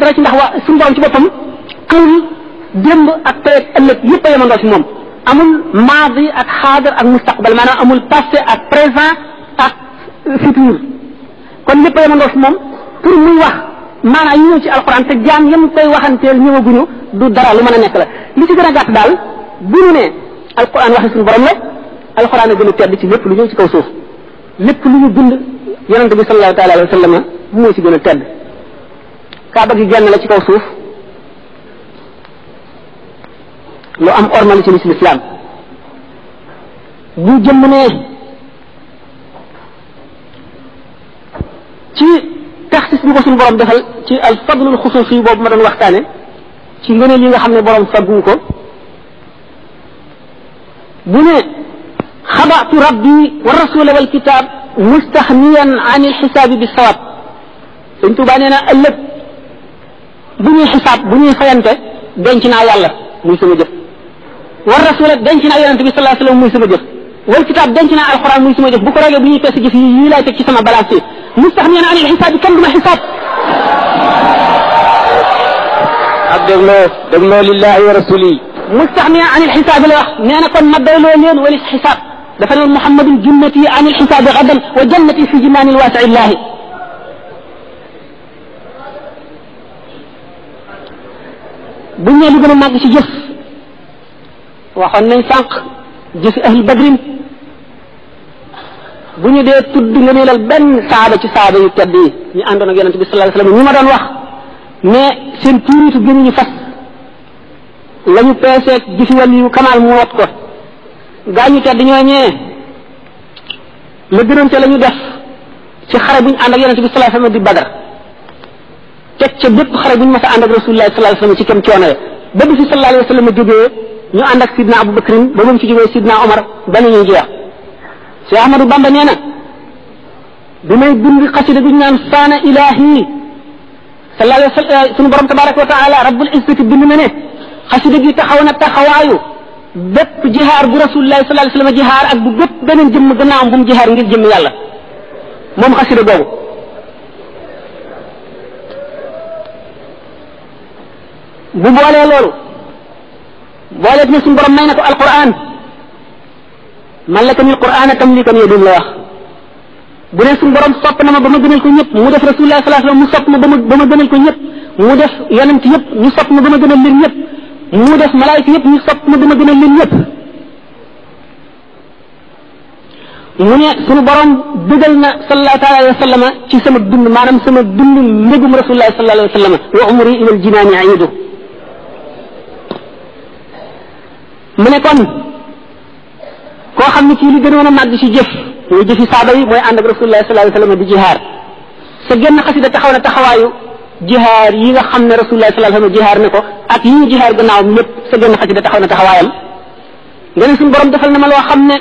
dara ci ndax waa suñu borom ci boppam amul démb ak tey ak ëllëg yëpp a yemandoo si moom amul maadi ak xaadir ak mustaqbal maanaam amul passé ak présent ak futur kon lépp a yemandoo si moom pour muy wax maanaam ñu ñëw ci alquran te jaam yam koy waxanteel ñëwaguñu du dara lu mën a nekk la li ci gën a gàtt daal bu ñu ne alquran waxi suñu borom la alquran a gën a tedd ci lépp lu ñëw ci kaw suuf lépp lu ñu bind yonente bi sallallahu taala alayhi wa sallam moo ci gën a tedd kaaba gi genn la ci kaw suuf lu am ormal ci l'islam bu jëm ne ci taxsis bi ko suñu borom defal ci al fadlul xusuusi boobu ma doon waxtaane ci ngëneel yi nga xam ne borom faggu ko bu ne xabaatu rabbi wa rasula wal kitab mustaxniyan an al xisaabi bi sawab sëñ tuubaa nee na ëllëg bu ñuy xisaab bu ñuy fayante denc naa yàlla muy sama jëf war rasula denc naa yonente bi salaa sallam muy sama jëf wal kitaab denc naa alquran muy sama jëf bu ko ragee bu ñuy pees jëf yi laay teg ci sama balance yi mustax nee na anil xisaab yi kenn du ma xisaab ak dégloo dégloo lillahi wa rasuli mustax nee na anil xisaab la wax nee na kon ma doyloo leen walis xisaab dafa ne muhammadun junnati anil xisaab gadan wa jannati fi jinaani alwaasici illahi bu ñëli gëna mag ci jëf waxon nañ sank jëf ahlu badrin bu ñu dee tudd nga ne lal benn saaba ci saaba yu tedd yi ñu àndoon ak yonente bi sallallahu alayhi wasallam ñu ma doon wax mais seen tuuritu ñu fas lañu peeseeg jëfi wàll yu kamaal mu wat ko gaañu tedd ñoo ñee la gënante la ñu def ci xare buñ ànd ak yonente bi sallallahu alayhi wasallam di badar teg ca bépp xare bu ñu mas a ànd ak rasulullah sallallahu alayhi wasallam ci kem coono ya ba bi fi sallallahu alayhi wasallam jógee ñu ànd ak sidna Abu Bakrin ba moom ci jógee sidna Omar ba ñu jeex Cheikh Ahmadou Bamba nee na bi may bind xasida bi ñu naan saana ilahi sallallahu alayhi wasallam eh, suñu borom tabaraka wa taala rabbul izzati bind na ne xasida gi taxaw na taxawaayu bépp jihaar bu rasulullah sallallahu alayhi wasallam jihaar ak bu bépp beneen jëmm gannaawam bu mu jihaar ngir jëmm yàlla moom xasida boobu bu boolee loolu booleeg ne suñ borom may na ko alquran mallaka ni alquran tam li kam yedun la wax bu ne suñ borom sopp na ma ba ma gënal ko ñëpp mu def rasulullah sallallahu alayhi wasallam mu sopp ma ba ma gënal ko ñëpp mu def yonent yëpp ñu sopp ma ba ma gënal leen ñëpp mu def malaayika yëpp ñu sopp ma ba ma gënal leen ñëpp mu ne suñu borom dëgal na sallallahu alayhi wa sallama ci sama dund maanaam sama dund mbégum rasulullah sallallahu alayhi wa sallama wa umri ila al jinaani aidu mu ne kon koo xam ne kii li gënoon a màgg si jëf muy jëfi saaba yi mooy ànd ak rasulullah sallallahu alayhi wasallam di jihaar sa genn xasida taxaw na taxawaayu jihaar yi nga xam ne rasulullah sallallahu alayhi wasallam jihaar na ko ak yi ñu jihaar gannaawam lépp sa genn xasida taxaw na taxawaayam nga ne suñu borom defal na ma loo xam ne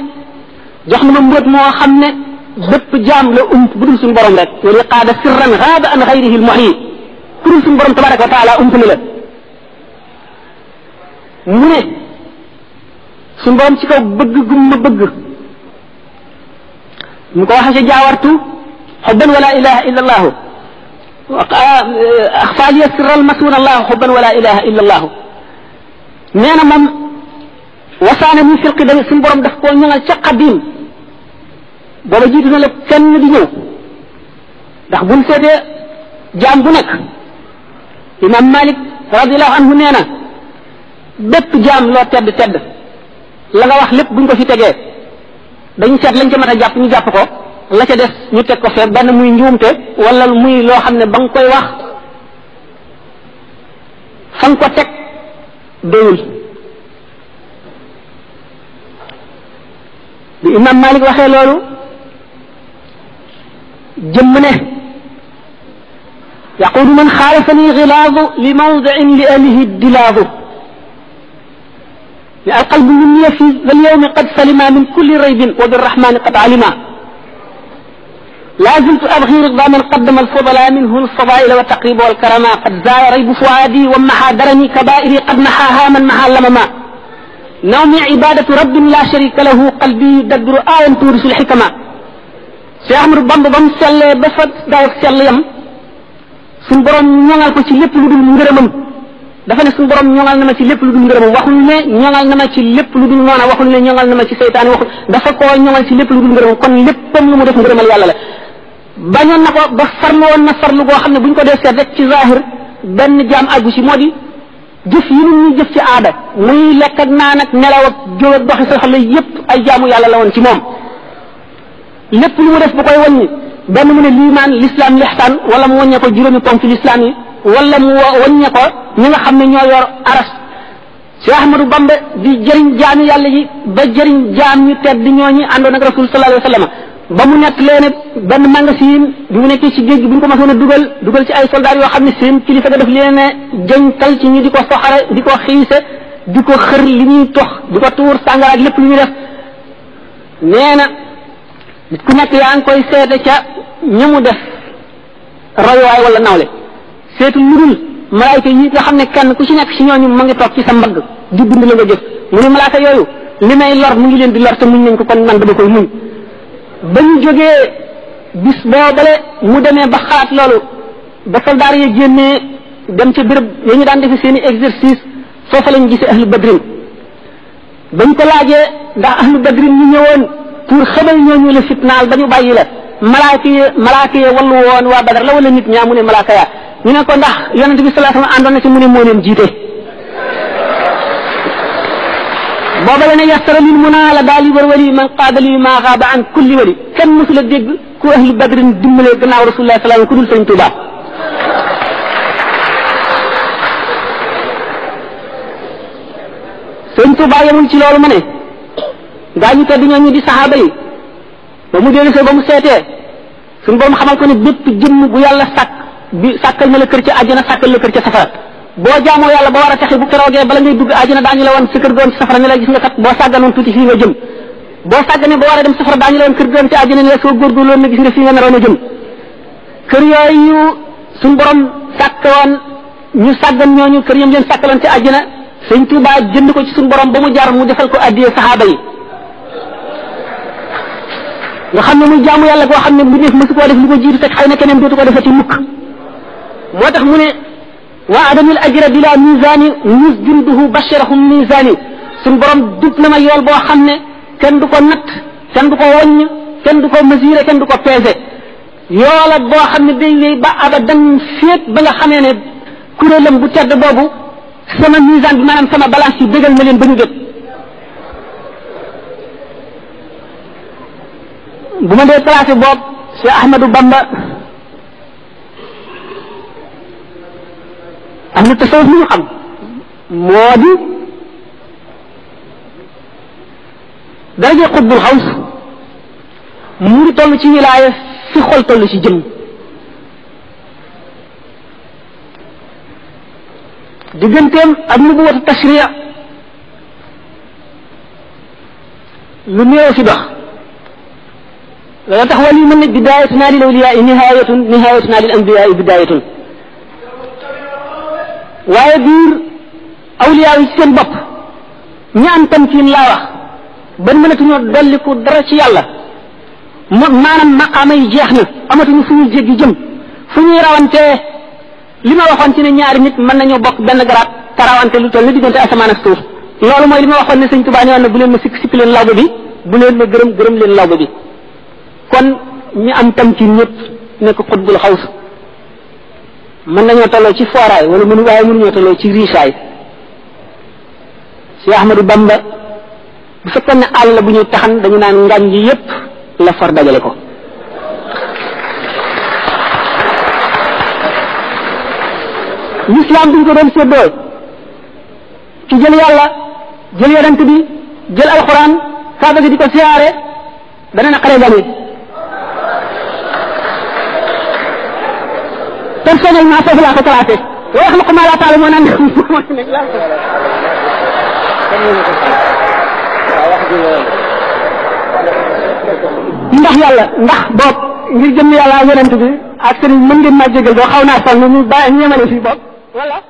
jox na ma mbóot moo xam ne bépp jaam la ump bu dul suñu borom rek wala qaada sirran xaaba an xayrihi al muhi ku dul suñu borom tabaraka wa taala ump na la mu ne sun borom ci kaw bëgg gum ma bëgg mu ko waxe ci jaawartu hubban wala ilaha illa allah akhfa ah, ah, li sirra al masuna allah hubban wala ilaha illa allah neena mom wasana ni fil qidam sun borom daf ko ñangal ci qadim la jitu na la kenn di ñew ndax buñ sété jaam bu imam malik radiallahu anhu neena na jaam lo tedd tedd la nga wax lépp buñ ko fi tegee dañ seet lañ ca mën a jàpp ñu jàpp ko la ca des ñu teg ko fee benn muy njuumte wala muy loo xam ne ba nga koy wax fa nga ko teg doyul bi imam malik waxee loolu jëmm ne يقول من خالفني غلاظ لموضع لأهله الدلاظ القلب مني في اليوم قد سلم من كل ريب وبالرحمن قد علما لا زلت أبغي رضا من قدم الفضل منه الفضائل والتقريب والكرما قد زال ريب فؤادي ومحا درني كبائري قد محاها من محى لمما نومي عبادة رب لا شريك له قلبي دبر آية تورث الحكمة سيعمر Ahmadou بام ba mu sellee ba fa daw ak sell yam suñu dafa ne suñu borom ñoŋal na ma ci lépp lu dul ngërëmam waxul ne ñoŋal na ma ci lépp lu dul noona waxul ne ñoŋal na ma ci seytaane waxul dafa koo ñoŋal ci lépp lu dul ngërëmam kon léppam lu mu def ngërëmal yàlla la bañoon na ba farlu woon na farlu goo xam ne buñ ko dee seet rek ci zahir benn jaam àggu ci moo di jëf yi nun jëf ci aada muy lekk ak naan ak nelaw ak jóg ay jaamu yàlla la woon ci moom lépp lu mu def bu koy wàññi benn mu ne liimaan lislaam lixsaan wala mu wàññee ko juróomi ponk ci lislaam yi wala mu wàññi ko ñi nga xam ne ñoo yor aras si Ahmadu Bamba di jëriñ yi yàlla yi ba jëriñ jaam ñu tedd ñooñu àndoon ak rasul sallallahu alayhi wa ba mu nekk leen benn magasin bi mu nekkee ci géej gi bu ko mësoon a dugal dugal ci ay soldats yoo xam ne seen kilifa ga daf leen a jëñtal ci ñu di ko soxare di ko xiise di ko xër li ñuy tox di ko tuur sàngara lépp lu ñuy def na ku nekk yaa ngi koy seede ca ñi mu nawle seetu lu dul malaayka yi nga xam ne kenn ku ci nekk ci ñooñu ma ngi toog ci sa mbagg di bind la nga jëf mu ne malaayka yooyu li may lor mu ngi leen di lor te muñ nañ ko kon man dama koy muñ ba ñu jógee bis boobale mu demee ba xalaat loolu ba soldaar yi génnee dem ca béréb ya ñu daan defe seen i exercice foofa lañ gisee ahlu badrin bañ ko laajee ndax ahlu badrin ñu ñëwoon pour xamal ñooñu la fitnaal ba ñu bàyyi la malaaka yi malaaka yi wallu waa badar la wala nit ñaa mu ne malaaka yaa ñu ne ko ndax yonent bi sallallahu alayhi wasallam àndoon na ci mu ne moo leen jiite booba la ne yastaralil mun naa la daal yi war wali man qaadali maa xaaba an kulli wali kenn mësula dégg ku ahlu badrin dimbalee gannaaw rasulullah sallallahu ku dul sëñ Tuubaa sëñ Tuubaa yemul ci loolu ma ne daañu tedd ñooñu di saxaaba yi ba mu dellu see ba mu seetee suñu borom xamal ko ne bépp jëmm bu yàlla sàkk bi sàkkal na la kër ca àjjana sàkkal la kër ca safara boo jaamoo yàlla ba war a texe bu keroogee bala ngay dugg àjjana daañu la woon sa kër goon ci safara ni la gis nga kat boo sàgganoon tuuti fii nga jëm boo sàggane ba war a dem safara daañu la woon kër goon ci àjjana ni la soo góorgóorloon na gis nga fii nga naroon a jëm kër yooyu suñ borom ñu sàggan ñooñu kër yam leen sàkkaloon ci àjjana sëñ Tuuba jënd ko ci suñ borom ba mu jaar mu defal ko addiyee saxaaba yi nga xam ne muy jaamu yàlla goo xam ne bu def mësu koo ko jiitu teg moo tax mu ne waa adamil ajra bila misani musjilduhu bashirahum misani sun borom dub na ma yool boo xam ne kenn du ko natt kenn du ko woññ kenn du ko mesurer kenn du ko peser yoola boo xam ne day wéy ba abadan féet ba nga xamee ne kuréelam bu tedd boobu sama misaan bi maanaam sama balance yi bégal na leen ba ñu jot bu ma dee placé boobu Cheikh Ahmadou Bamba am na tasawuf ñu xam moo di daraje xutbul xaws mu ngi toll ci wilaaya fi xol toll ci jëm digganteem ak nu bu wata tashriya lu néew fi dox loola tax wali mën ne bidaayatuna lil awliyaa nihayatun nihayatuna lil anbiyaa bidaayatun waaye biir awliyaa yi seen bopp ñaan tam ci laa wax ban ñoo dolliku dara ci yàlla maanaam maqaama yi jeex na amatuñu fu ñuy jéggi jëm fu ñuy rawantee li ma waxoon ci ne ñaari nit mën nañoo bokk benn garaat te rawante lu toll ni diggante asamaan ak suuf loolu mooy li ma waxoon ne sëñ Tuubaa ne na bu leen ma sikk sikk leen lawba bi bu leen ma gërëm gërëm leen lawba bi kon ñi am tam ci ñëpp nekk xutbul xaws mën nañoo tolloo ci fooraay wala mënu waaye mënuñoo tolloo ci riisaay si Ahmadu Bamba bu fekkoon ne àll bu ñuy taxan dañu naan ngaañ ji yépp la for dajale ko lislaam bi ñu ko doon séddoo ci jël yàlla jël yonent bi jël alxuraan kaaba gi di ko siyaare dana naqaree gane personnellement foofu laa ko classé wa yaxluqu maa laa ta'lamuun moo naan moo ci nekk ndax yàlla ndax bopp ngir jëm yàlla yonent bi ak sëriñ mën ngeen maa jégal boo xaw naa fan ñu bàyyi ñemale fii bopp wala